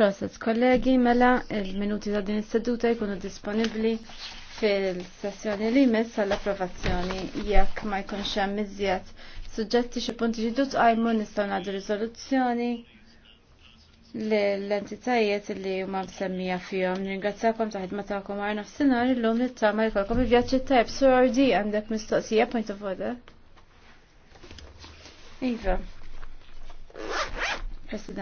Process kollegi, mela il-minuti ta' din is-seduta jkunu disponibbli fil-sessjoni li mess għall-approvazzjoni jekk ma jkunx hemm iżjed suġġetti xi punti ġidu tqajmu nistgħu ngħaddu riżoluzzjoni l-entitajiet li huma msemmija fihom. Ringrazzjakom ta' ħidma tagħkom għar nofsinhar illum nittama jkollkom il-vjaġġi tajb Surdi għandek mistoqsija point of order. Iva. President.